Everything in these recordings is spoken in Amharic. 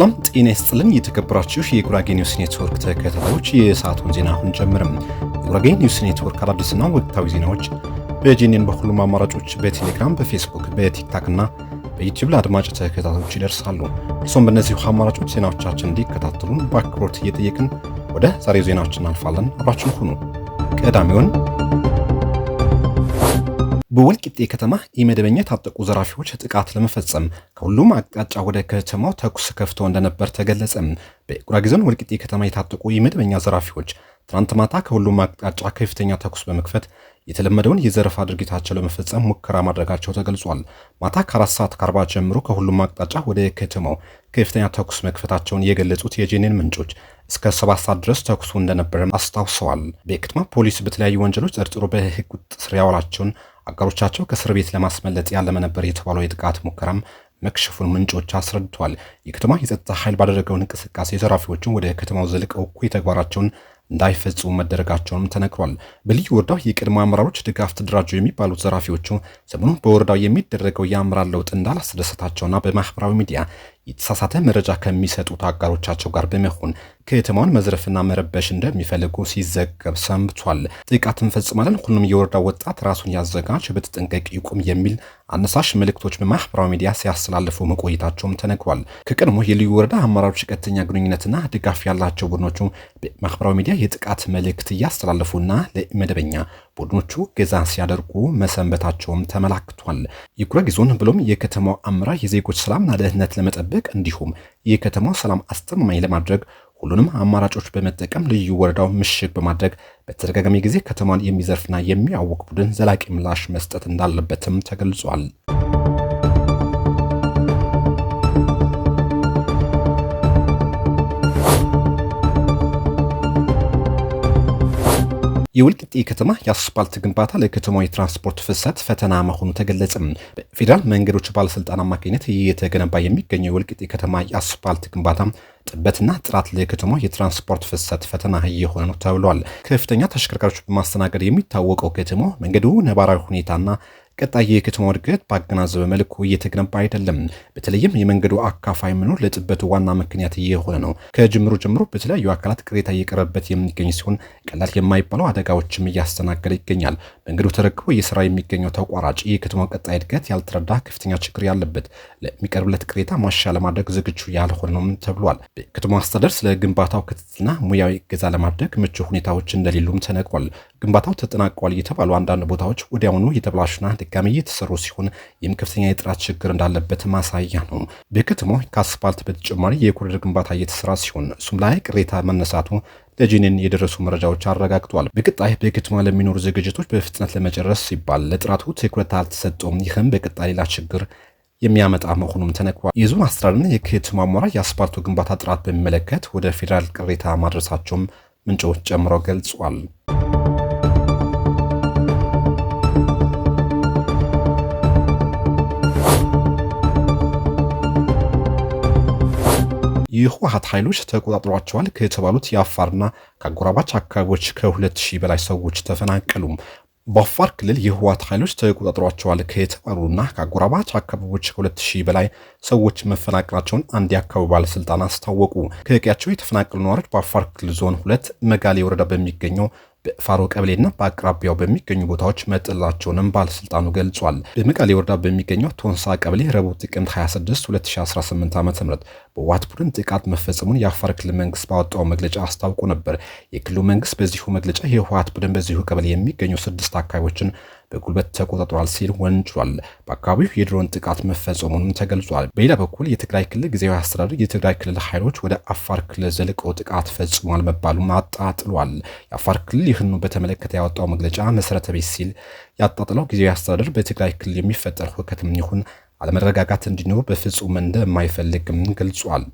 ሰላም ጤና ይስጥልን። የተከበራችሁ የጉራጌ ኒውስ ኔትወርክ ተከታታዮች የሰዓቱን ዜና አሁን ጀምርም። የጉራጌ ኒውስ ኔትወርክ አዳዲስና ወቅታዊ ዜናዎች በጄኔን በሁሉም አማራጮች በቴሌግራም፣ በፌስቡክ፣ በቲክታክ እና በዩቲዩብ ለአድማጭ ተከታታዮች ይደርሳሉ። እርሶም በእነዚሁ አማራጮች ዜናዎቻችን እንዲከታተሉን በአክብሮት እየጠየቅን ወደ ዛሬው ዜናዎች እናልፋለን። አብራችን ሁኑ። ቀዳሚውን በወልቂጤ ከተማ የመደበኛ የታጠቁ ዘራፊዎች ጥቃት ለመፈጸም ከሁሉም አቅጣጫ ወደ ከተማው ተኩስ ከፍተው እንደነበር ተገለጸ። በጉራጌ ዞን ወልቂጤ ከተማ የታጠቁ የመደበኛ ዘራፊዎች ትናንት ማታ ከሁሉም አቅጣጫ ከፍተኛ ተኩስ በመክፈት የተለመደውን የዘረፋ ድርጊታቸው ለመፈጸም ሙከራ ማድረጋቸው ተገልጿል። ማታ ከአራት ሰዓት ከአርባ ጀምሮ ከሁሉም አቅጣጫ ወደ ከተማው ከፍተኛ ተኩስ መክፈታቸውን የገለጹት የጄኔን ምንጮች እስከ ሰባት ሰዓት ድረስ ተኩሱ እንደነበረ አስታውሰዋል። በከተማ ፖሊስ በተለያዩ ወንጀሎች ጠርጥሮ በሕግ ቁጥጥር ስር ያዋላቸውን አጋሮቻቸው ከእስር ቤት ለማስመለጥ ያለመ ነበር የተባለው የጥቃት ሙከራም መክሸፉን ምንጮች አስረድተዋል። የከተማ የጸጥታ ኃይል ባደረገው እንቅስቃሴ ዘራፊዎቹን ወደ ከተማው ዘልቀው እኩይ ተግባራቸውን እንዳይፈጽሙ መደረጋቸውንም ተነግሯል። በልዩ ወረዳው የቅድሞ አመራሮች ድጋፍ ተደራጁ የሚባሉት ዘራፊዎቹ ሰሞኑን በወረዳው የሚደረገው የአመራር ለውጥ እንዳላስደሰታቸውና በማህበራዊ ሚዲያ የተሳሳተ መረጃ ከሚሰጡት አጋሮቻቸው ጋር በመሆን ከተማዋን መዝረፍና መረበሽ እንደሚፈልጉ ሲዘገብ ሰንብቷል። ጥቃት እንፈጽማለን፣ ሁሉም የወረዳ ወጣት ራሱን ያዘጋጅ፣ በተጠንቀቅ ይቁም የሚል አነሳሽ መልእክቶች በማህበራዊ ሚዲያ ሲያስተላልፉ መቆየታቸውም ተነግሯል። ከቀድሞ የልዩ ወረዳ አመራሮች ቀጥተኛ ግንኙነትና ድጋፍ ያላቸው ቡድኖቹ በማህበራዊ ሚዲያ የጥቃት መልእክት እያስተላለፉና ለመደበኛ ቡድኖቹ ገዛ ሲያደርጉ መሰንበታቸውም ተመላክቷል። የጉራጌ ዞን ብሎም የከተማው አመራር የዜጎች ሰላምና ደህንነት ለመጠበቅ እንዲሁም የከተማው ሰላም አስተማማኝ ለማድረግ ሁሉንም አማራጮች በመጠቀም ልዩ ወረዳው ምሽግ በማድረግ በተደጋጋሚ ጊዜ ከተማን የሚዘርፍና የሚያውቅ ቡድን ዘላቂ ምላሽ መስጠት እንዳለበትም ተገልጿል። የወልቂጤ ከተማ የአስፓልት ግንባታ ለከተማው የትራንስፖርት ፍሰት ፈተና መሆኑ ተገለጸ። በፌዴራል መንገዶች ባለስልጣን አማካኝነት እየተገነባ የሚገኘው የወልቂጤ ከተማ የአስፓልት ግንባታ ጥበትና ጥራት ላይ የትራንስፖርት ፍሰት ፈተና እየሆነ ነው ተብሏል። ከፍተኛ ተሽከርካሪዎች በማስተናገድ የሚታወቀው ከተማ መንገዱ ነባራዊ ሁኔታና ቀጣይ የከተማ እድገት ባገናዘበ መልኩ እየተገነባ አይደለም። በተለይም የመንገዱ አካፋይ መኖር ለጥበቱ ዋና ምክንያት እየሆነ ነው። ከጅምሩ ጀምሮ በተለያዩ አካላት ቅሬታ እየቀረበት የሚገኝ ሲሆን ቀላል የማይባለው አደጋዎችም እያስተናገደ ይገኛል። መንገዱ ተረክቦ እየሰራ የሚገኘው ተቋራጭ የከተማው ቀጣይ እድገት ያልተረዳ ከፍተኛ ችግር ያለበት፣ ለሚቀርብለት ቅሬታ ማሻ ለማድረግ ዝግጁ ያልሆነ ነው ተብሏል። የከተማ አስተዳደር ስለ ግንባታው ክትትልና ሙያዊ እገዛ ለማድረግ ምቹ ሁኔታዎች እንደሌሉም ተነግሯል። ግንባታው ተጠናቋል የተባሉ አንዳንድ ቦታዎች ወዲያውኑ የተበላሹና ድጋሚ የተሰሩ ሲሆን ይህም ከፍተኛ የጥራት ችግር እንዳለበት ማሳያ ነው። በከተማው ከአስፋልት በተጨማሪ የኮሪደር ግንባታ እየተሰራ ሲሆን እሱም ላይ ቅሬታ መነሳቱ ለጄኔን የደረሱ መረጃዎች አረጋግጧል። በቀጣይ በከተማ ለሚኖሩ ዝግጅቶች በፍጥነት ለመጨረስ ሲባል ለጥራቱ ትኩረት አልተሰጠውም። ይህም በቀጣይ ሌላ ችግር የሚያመጣ መሆኑም ተነግሯል። የዞን አስተዳደርና የክት ማሟራ የአስፓልቱ ግንባታ ጥራት በሚመለከት ወደ ፌዴራል ቅሬታ ማድረሳቸውም ምንጮች ጨምረው ገልጿል። የህወሓት ኃይሎች ተቆጣጥሯቸዋል ከተባሉት የአፋርና ከአጎራባች አካባቢዎች ከ ሺህ በላይ ሰዎች ተፈናቀሉ። በአፋር ክልል የህወሓት ኃይሎች ተቆጣጥሯቸዋል ከተባሉና ከአጎራባች አካባቢዎች ከሁለት ሺህ በላይ ሰዎች መፈናቀላቸውን አንድ የአካባቢ ባለስልጣን አስታወቁ። ከቀያቸው የተፈናቀሉ ነዋሪዎች በአፋር ክልል ዞን ሁለት መጋሌ ወረዳ በሚገኘው በፋሮ ቀበሌና በአቅራቢያው በሚገኙ ቦታዎች መጥላቸውንም ባለስልጣኑ ገልጿል። በመቀሌ ወረዳ በሚገኘው ቶንሳ ቀበሌ ረቡዕ ጥቅምት 26 2018 ዓ ም በዋት ቡድን ጥቃት መፈጸሙን የአፋር ክልል መንግስት ባወጣው መግለጫ አስታውቆ ነበር። የክልሉ መንግስት በዚሁ መግለጫ የህወሓት ቡድን በዚሁ ቀበሌ የሚገኙ ስድስት አካባቢዎችን በጉልበት ተቆጣጥሯል ሲል ወንጅሏል። በአካባቢው የድሮን ጥቃት መፈጸሙንም ተገልጿል። በሌላ በኩል የትግራይ ክልል ጊዜያዊ አስተዳደር የትግራይ ክልል ኃይሎች ወደ አፋር ክልል ዘልቀው ጥቃት ፈጽሟል መባሉም አጣጥሏል። የአፋር ክልል ይህኑ በተመለከተ ያወጣው መግለጫ መሰረተ ቤት ሲል ያጣጥለው ጊዜያዊ አስተዳደር በትግራይ ክልል የሚፈጠር ሁከትም ይሁን አለመረጋጋት እንዲኖር በፍጹም እንደማይፈልግም ገልጿል።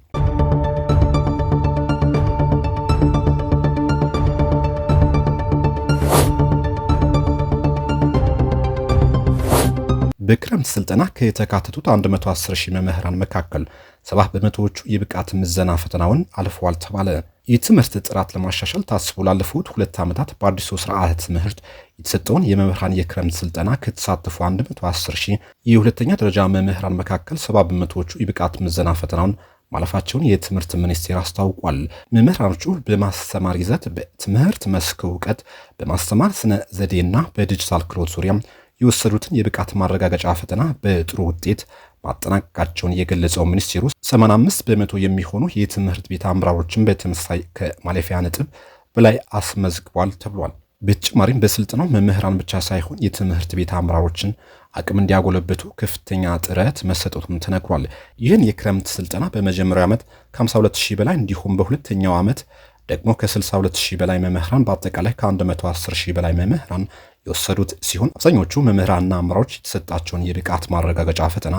በክረምት ስልጠና ከተካተቱት 110 ሺህ መምህራን መካከል 70 በመቶዎቹ የብቃት ምዘና ፈተናውን አልፈዋል ተባለ። የትምህርት ጥራት ለማሻሻል ታስቦ ላለፉት ሁለት ዓመታት በአዲሱ ስርዓተ ትምህርት የተሰጠውን የመምህራን የክረምት ስልጠና ከተሳተፉ 110 ሺህ የሁለተኛ ደረጃ መምህራን መካከል 70 በመቶዎቹ የብቃት ምዘና ፈተናውን ማለፋቸውን የትምህርት ሚኒስቴር አስታውቋል። መምህራኖቹ በማስተማር ይዘት፣ በትምህርት መስክ እውቀት፣ በማስተማር ስነ ዘዴና በዲጂታል ክሎት ዙሪያ የወሰዱትን የብቃት ማረጋገጫ ፈተና በጥሩ ውጤት ማጠናቀቃቸውን የገለጸው ሚኒስቴሩ 85 በመቶ የሚሆኑ የትምህርት ቤት አምራሮችን በተመሳሳይ ከማለፊያ ነጥብ በላይ አስመዝግቧል ተብሏል። በተጨማሪም በስልጠናው መምህራን ብቻ ሳይሆን የትምህርት ቤት አምራሮችን አቅም እንዲያጎለብቱ ከፍተኛ ጥረት መሰጠቱም ተነግሯል። ይህን የክረምት ስልጠና በመጀመሪያው ዓመት ከ52 ሺህ በላይ እንዲሁም በሁለተኛው ዓመት ደግሞ ከ62 ሺህ በላይ መምህራን በአጠቃላይ ከ110 ሺህ በላይ መምህራን የወሰዱት ሲሆን አብዛኞቹ መምህራንና አምራሮች የተሰጣቸውን የብቃት ማረጋገጫ ፈተና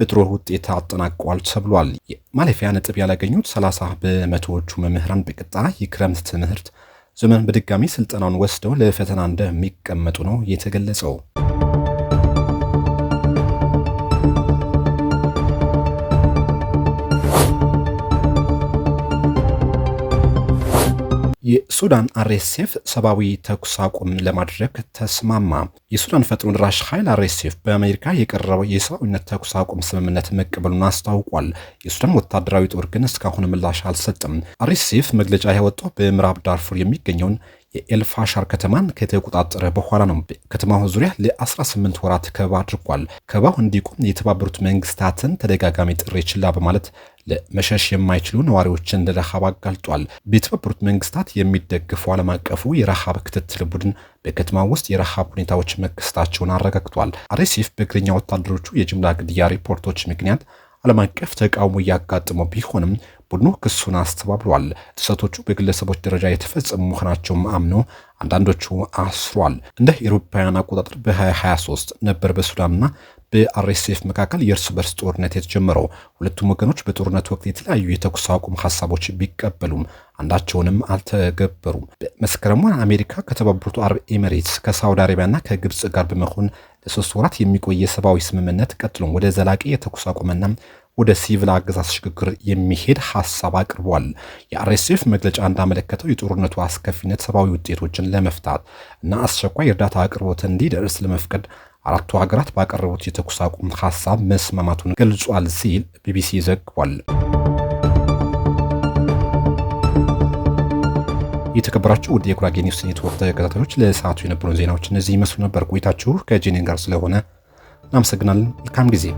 በጥሩ ውጤት አጠናቀዋል ተብሏል። ማለፊያ ነጥብ ያላገኙት 30 በመቶዎቹ መምህራን በቀጣ የክረምት ትምህርት ዘመን በድጋሚ ስልጠናውን ወስደው ለፈተና እንደሚቀመጡ ነው የተገለጸው። የሱዳን አሬሴፍ ሰብአዊ ተኩስ አቁም ለማድረግ ተስማማ። የሱዳን ፈጥኖ ድራሽ ኃይል አሬሴፍ በአሜሪካ የቀረበው የሰብአዊነት ተኩስ አቁም ስምምነት መቀበሉን አስታውቋል። የሱዳን ወታደራዊ ጦር ግን እስካሁን ምላሽ አልሰጥም። አሬሴፍ መግለጫ ያወጣው በምዕራብ ዳርፉር የሚገኘውን የኤልፋሻር ከተማን ከተቆጣጠረ በኋላ ነው። ከተማው ዙሪያ ለ18 ወራት ከበባ አድርጓል። ከበባው እንዲቆም የተባበሩት መንግስታትን ተደጋጋሚ ጥሪ ችላ በማለት ለመሸሽ የማይችሉ ነዋሪዎችን ለረሃብ አጋልጧል። በተባበሩት መንግስታት የሚደግፈው ዓለም አቀፉ የረሃብ ክትትል ቡድን በከተማ ውስጥ የረሃብ ሁኔታዎች መከሰታቸውን አረጋግጧል። አሬሲፍ በእግረኛ ወታደሮቹ የጅምላ ግድያ ሪፖርቶች ምክንያት ዓለም አቀፍ ተቃውሞ እያጋጠመው ቢሆንም ቡድኑ ክሱን አስተባብሏል። ጥሰቶቹ በግለሰቦች ደረጃ የተፈጸሙ መሆናቸውም አምኖ አንዳንዶቹ አስሯል። እንደ አውሮፓውያን አቆጣጠር በ2023 ነበር በሱዳንና በአርኤስኤፍ መካከል የእርስ በርስ ጦርነት የተጀመረው። ሁለቱም ወገኖች በጦርነት ወቅት የተለያዩ የተኩስ አቁም ሀሳቦች ቢቀበሉም አንዳቸውንም አልተገበሩም። መስከረም ወር አሜሪካ ከተባበሩት አረብ ኤሚሬትስ ከሳውዲ አረቢያና ከግብፅ ጋር በመሆን ለሶስት ወራት የሚቆይ የሰብአዊ ስምምነት ቀጥሎም ወደ ዘላቂ የተኩስ አቁምና ወደ ሲቪል አገዛዝ ሽግግር የሚሄድ ሀሳብ አቅርቧል። የአርኤስኤፍ መግለጫ እንዳመለከተው የጦርነቱ አስከፊነት ሰብአዊ ውጤቶችን ለመፍታት እና አስቸኳይ የእርዳታ አቅርቦት እንዲደርስ ለመፍቀድ አራቱ ሀገራት ባቀረቡት የተኩስ አቁም ሀሳብ መስማማቱን ገልጿል ሲል ቢቢሲ ዘግቧል። የተከበራችሁ ውድ የጉራጌ ኒውስ ኔትወርክ ተከታታዮች ለሰዓቱ የነበሩን ዜናዎች እነዚህ ይመስሉ ነበር። ቆይታችሁ ከጄኔን ጋር ስለሆነ እናመሰግናለን። መልካም ጊዜ